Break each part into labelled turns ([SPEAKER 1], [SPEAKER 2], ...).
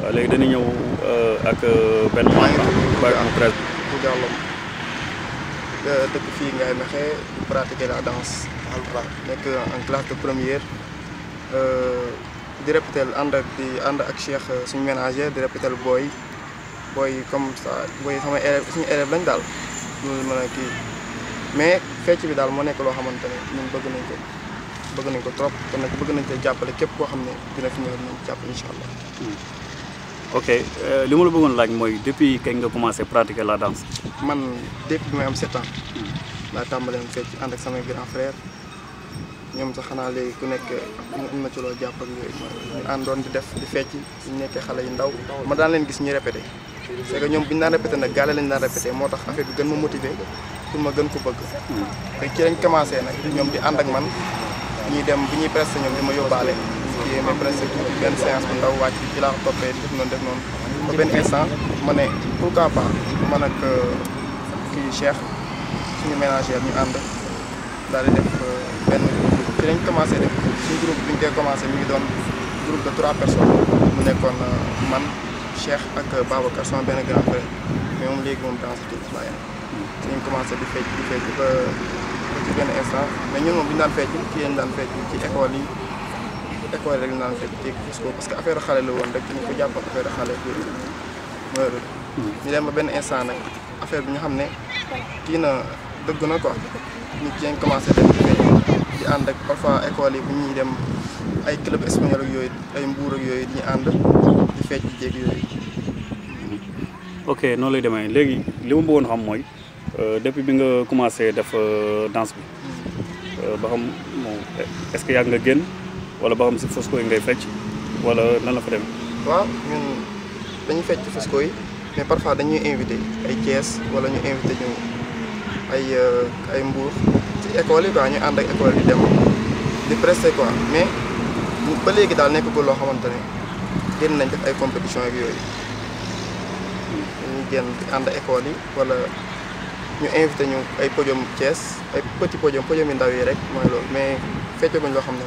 [SPEAKER 1] waaw léegi dañu ñëw euh, ak euh, benn membre.
[SPEAKER 2] dëkk fii Ngaye Mekhe di pratiquer la danse alpulaar nekk en classe de première euh, di ànd ak Cheikh suñu ménager di booy booy comme ça booy sama élève lañ daal loolu mën a mais fecc bi daal moo nekk loo xamante ne ñun bëgg nañ ko bëgg nañ ko trop kon nag bëgg nañ ko jàppale képp koo xam ne dina fi ñëw
[SPEAKER 1] nañ jàppale incha allah. Hmm. ok euh, li ma la bëggoon laaj mooy depuis kañ nga commencé pratiquer la danse.
[SPEAKER 2] man depuis bi may am sept ans laa tàmbalee mu fecc ànd ak samay grand frère ñoom sax xanaa léegi ku nekk am na ci loo jàpp ak yooyu ñu àndoon di def di fecc ñu nekkee xale yu ndaw ma daan leen gis ñu répété. c'est ñoom bu ñu daan répété nag gaale lañu daan répété moo tax affaire bi gën ma motivé pour ma gën ko bëgg. te ci lañ commencé nag ñoom di ànd ak man ñuy dem bu ñuy presse ñoom di ma yóbbaale. kii mais presque benn séance bu ndaw wàcc ci laa ko toppee def noonu def noonu ba benn instant ma ne pourquoi pas man ak euh, kii Cheikh suñu ménagère ñu ànd daal di def euh, benn groupe ci def suñu groupe bi ñu koy commencé mi ngi doon groupe de trois personnes mu nekkoon euh, man Cheikh ak Babacar sama benn grand frère mais moom di fecc di fecc ba ci benn instant mais ñun moom bi ñu daan fecc kii daan fecc ci école yi école rek naa fekk jéeg gis ko parce que affaire xale la woon rek ñu ko jàpp affaire bi ñu ba benn instant nag affaire bi ñu xam ne kii na dëgg na ko ñu ci commencé dem di ànd ak parfois école yi bu ñuy dem ay club espagnol yooyu ay mbuur
[SPEAKER 1] yooyu di ànd di fecc jéeg yooyu. ok noonu lay demee léegi li ma bëggoon xam mooy euh, depuis bi nga commencé def euh, danse bi mm. euh, ba xam moom est-ce que yàgg nga génn. wala ba xam si Fosco yi ngay fecc wala nan la fa dem
[SPEAKER 2] waaw ñu dañuy fecc fos Fosco yi mais parfois dañuy invité ay Thiès wala ñu invité ñu ay euh, ay Mbour ci école yi quoi ñu ànd ak école yi dem di prester mais ba léegi daal nekkagul loo xamante ne génn nañ ay compétition ak yooyu dañuy ànd école yi wala ñu invité ñu ay podium Thiès ay petit podium podium yu ndaw yi rek mooy loolu mais fecce buñ loo xam
[SPEAKER 1] ne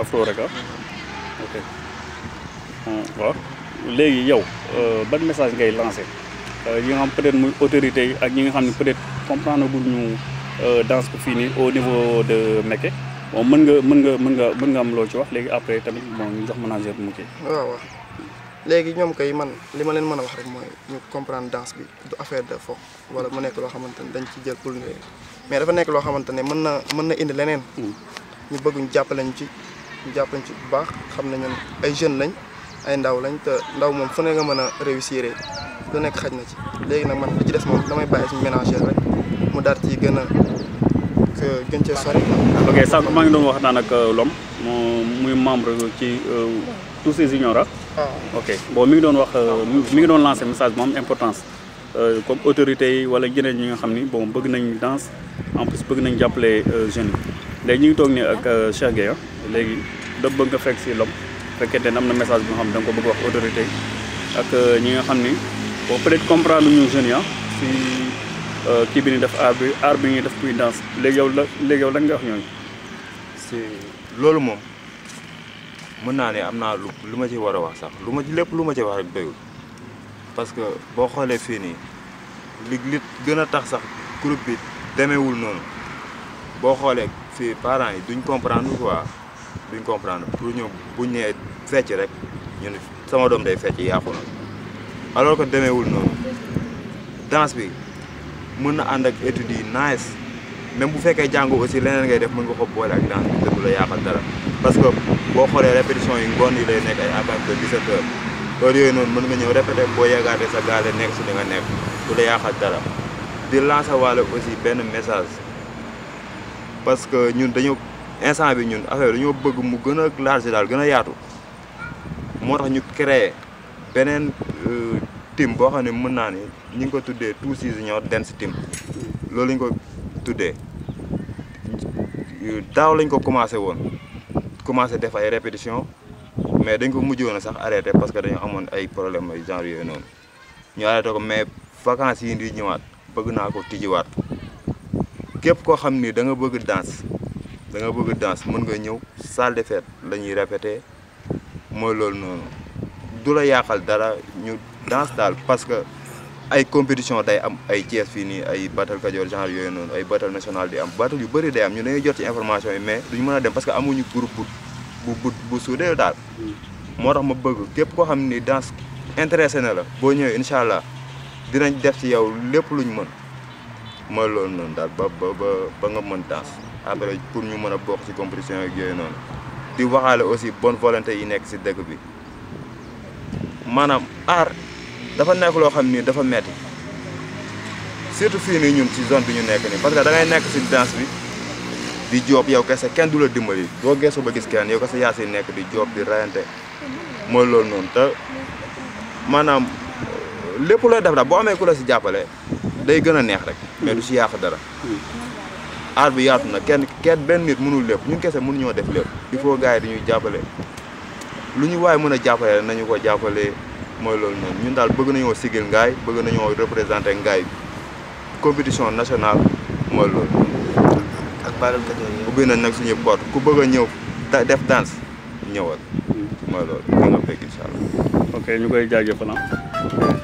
[SPEAKER 1] afro rek ah ok léegi yow euh, ban message ngay lancé ñi euh, nga xam peut-être muy autorité yi ak ñi nga xam ne peut-être comprendre gu ñu euh, danse ko fii nii au niveau de Mekke bon mën nga mën nga mën nga mën nga am loo ci wax léegi après tamit bon ñu jox manager mu kii.
[SPEAKER 2] waaw waaw léegi ñoom koy man li ma leen mën a wax rek mooy ñu comprendre danse bi du affaire de foog wala mu nekk loo xamante ne dañ ci jël pour mais dafa nekk loo xamante ne mën na mën na indi leneen. Hmm. ñu bëgg ñu jàppale ci ñu ci bu baax xam ne ñun ay jeune lañ ay ndaw lañ te ndaw moom fu ne nga mën a réussir lu nekk xaj na ci léegi nag man li ci des moom damay bàyyi suñu ménagère
[SPEAKER 1] rek mu daal ci gën a
[SPEAKER 2] gën cee sori. ok sànq
[SPEAKER 1] maa ngi doon wax naan ak euh, Lom muy membre ci euh, tous ces juniors ah. ok bon mi ngi doon wax euh, mi ngi doon lancé message moom am importance comme autorité yi wala yeneen ñi nga xam ni bon bëgg nañ danse en plus bëgg nañ jàppale jeunes yi. léegi ñu ni ak euh, Cheikh Gueye ah. léegi da bëgg nga fekk lom fekkente ne message bu xam ko bëgg wax autorité ak euh, ñi nga xam ni bon peut être comprendre ñu jeunes ya si euh, kii bi ni def aar bi aar bi ñuy def puy yow la yow nga wax si
[SPEAKER 3] loolu moom mën naa ne am lu lu ci war a wax sax lu ma ci lépp luma ma ci wax rek doyul parce que boo xoolee fii nii li li gën a tax sax groupe bi demeewul si parent yi duñ comprendre quoi duñ comprendre pour ñëw buñ nee fecc rek ñu ne sama doom day fecc yàqu na alors que demeewul noonu danse bi mën na ànd ak études yi nice même bu fekkee jàng aussi leneen ngay def mën nga ko boole ak danse bi du la yàqal dara parce que boo xoolee répétition yi ngoon yi lay nekk ay à partir de 17 heures heure yooyu noonu mën nga ñëw répété boo yeggaatee sa gaale nekk su li nga nekk du la yàqal dara di lancer waale aussi benn message parce que ñun dañu instant bi ñun affaire dañoo bëgg mu gën a large daal gën a yaatu moo tax ñu créer beneen euh, team boo xam ne mën naa ni ñu ngi ko tuddee Two Seasons Dance Team loolu lañ ko tuddee daaw lañ ko commencé woon commencé def ay répétition mais dañ ko mujjoon a sax arrêté parce que dañu amoon ay problème ay genre yooyu noonu ñu arrêté ko mais vacances yi di ñëwaat bëgg naa ko tijjiwaat képp koo xam ni da nga bëgg danse da nga bëgg danse mën nga ñëw salle de fête la ñuy répété mooy loolu noonu du la yàqal dara ñu danse daal parce que ay compétition day am ay Thiès fii ni ay battle Kajoor genre yooyu noonu ay battle national di am battle yu bëri day am ñu dañuy jot ci information yi mais duñu mën a dem parce que amuñu groupe bu bu bu soudé daal moo tax ma bëgg képp koo xam ni danse intéressé na la boo ñëwee incha allah dinañ def ci yow lépp luñ mën mooy lool noonu daal ba ba ba nga mën danse après pour ñu mën a bokk si compétition ak yooyu noonu di waxaale aussi bonne volonté yi nekk si dëkk bi maanaam aar dafa nekk loo xam ni dafa metti surtout fii nii ñun ci zone bi ñu nekk nii parce que da ngay nekk ci bi di joob yow kese kenn du la dimbali doo geesu ba gis kenn yow kese yaa si nekk di joob di rayante mooy loolu noonu te maanaam lépp looy def daal boo xam amee ku la si jàppale day gën a neex rek mais du si yàq dara aar bi yaatu na kenn kenn benn nit mënul lépp ñun kese mënuñoo def lépp il faut gars yi dañuy jàppale lu ñu waaye mun a jàppale nañu ko jàppale mooy lool noonu ñun daal bëgg nañoo sigil ngaay bëgg nañoo représenté ngaay compétition nationale mooy loolu ak baalkat yooyu ubbi nañ nag suñu porte ku bëgg a ñëw def danse ñëwal hmm. mooy loolu da nga fekk incha
[SPEAKER 1] allah